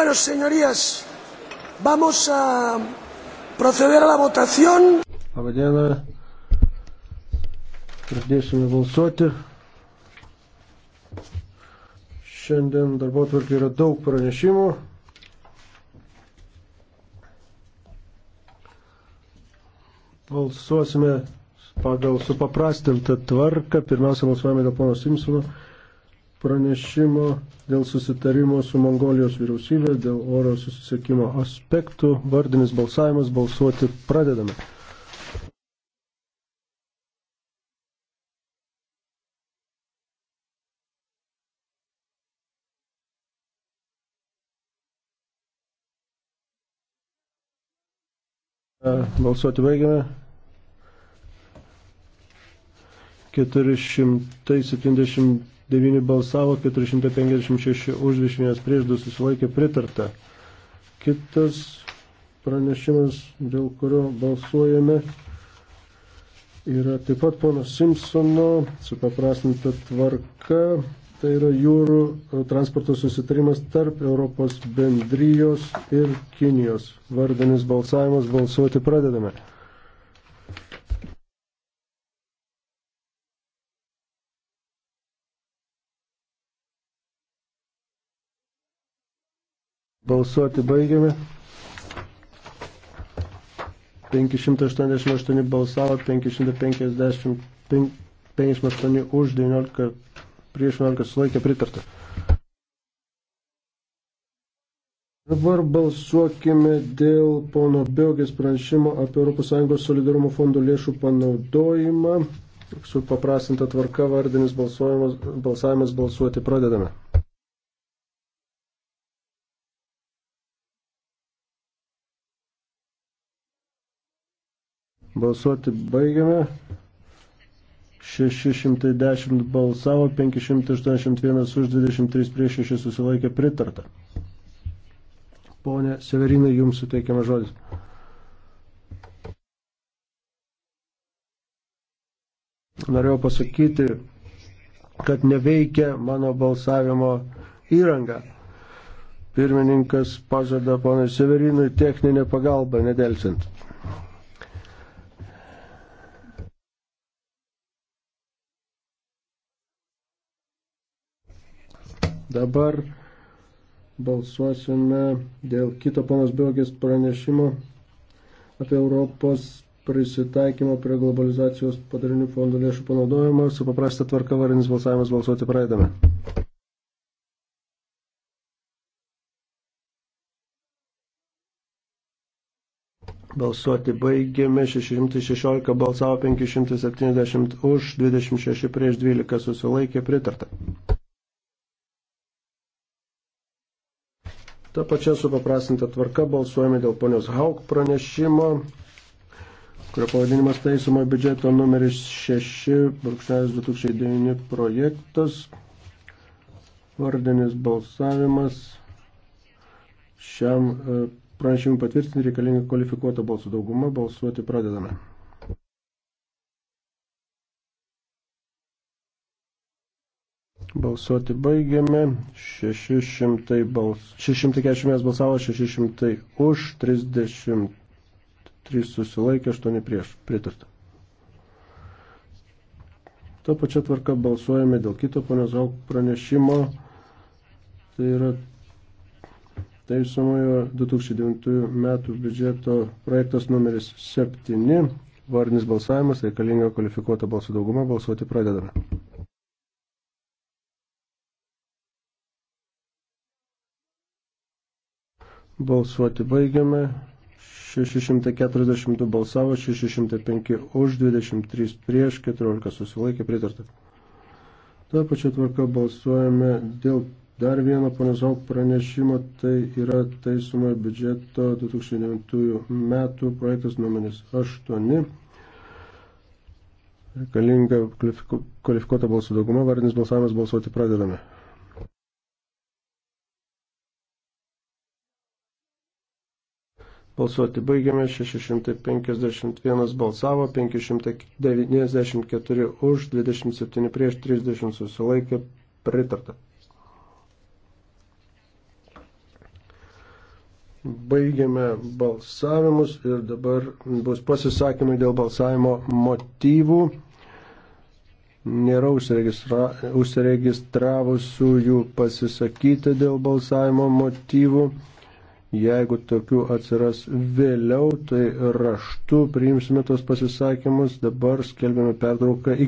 Bueno, señorías, vamos a proceder a la votación. Labadiena. Pradėsime balsuoti. Šiandien darbo tvarkai yra daug pranešimų. Balsuosime pagal supaprastintą tvarką. Pirmiausia, balsuojame dėl pono Simpsono pranešimo dėl susitarimo su Mongolijos vyriausybė, dėl oro susisiekimo aspektų. Vardinis balsavimas, balsuoti pradedame. E, balsuoti baigiame. 472 9 balsavo, 456 už, 21 prieš, 2 susilaikė pritarta. Kitas pranešimas, dėl kurio balsuojame, yra taip pat pono Simpsono supaprastinta tvarka. Tai yra jūrų e, transporto susitarimas tarp Europos bendrijos ir Kinijos. Vardinis balsavimas balsuoti pradedame. Balsuoti baigiame. 588 balsavo, 550, 58 už, 19 prieš 11 sulaikė pritartą. Dabar balsuokime dėl pono Biogės pranešimo apie ES solidarumo fondo lėšų panaudojimą. Su paprastinta tvarka vardinis balsavimas balsuoti pradedame. Balsuoti baigiame. 610 balsavo, 581 už 23 prieš 6 susilaikė pritarta. Pone Severinai, jums suteikiamas žodis. Norėjau pasakyti, kad neveikia mano balsavimo įranga. Pirmininkas pažada ponai Severinui techninę pagalbą, nedelsint. Dabar balsuosime dėl kito panos Biogės pranešimo apie Europos prisitaikymo prie globalizacijos padarinių fondų lėšų panaudojimą. Su paprasta tvarka varinis balsavimas balsuoti praeidame. Balsuoti baigėme, 616 balsavo, 570 už, 26 prieš 12 susilaikė pritarta. Ta pačia supaprastinta tvarka balsuojame dėl ponios Hauk pranešimo, kurio pavadinimas taisomo biudžeto numeris 6.2009 projektas. Vardinis balsavimas šiam e, pranešimui patvirtinti reikalinga kvalifikuota balsų dauguma. Balsuoti pradedame. Balsuoti baigiame. 600 bals... 640 balsavo, 600 už, 33 susilaikė, 8 prieš. Pritarta. Ta pačia tvarka balsuojame dėl kito ponios Hauk pranešimo. Tai yra teisomojo 2009 metų biudžeto projektas numeris 7. Varnis balsavimas, reikalinga kvalifikuota balsų dauguma, balsuoti pradedame. Balsuoti baigiame. 642 balsavo, 605 už, 23 prieš, 14 susilaikė pritarta. Ta pačia tvarka balsuojame dėl dar vieno panazau pranešimo, tai yra taisoma biudžeto 2009 metų projektas numeris 8. Reikalinga kvalifikuota balsų dauguma, vardinis balsavimas balsuoti pradedame. Balsuoti baigiame, 651 balsavo, 594 už, 27 prieš, 30 susilaikė, pritarta. Baigiame balsavimus ir dabar bus pasisakymai dėl balsavimo motyvų. Nėra užsiregistravusių jų pasisakyti dėl balsavimo motyvų. Jeigu tokių atsiras vėliau, tai raštu priimsime tos pasisakymus. Dabar skelbėme pertrauką.